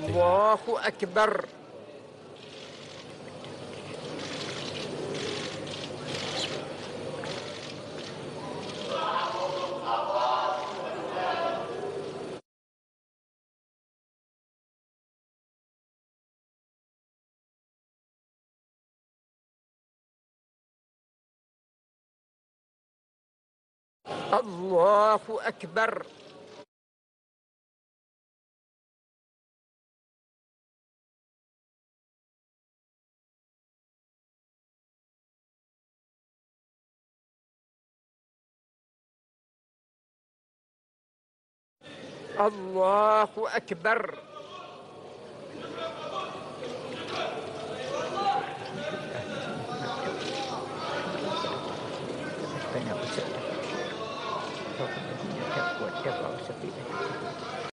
الله أكبر الله أكبر الله أكبر والدفع سفينة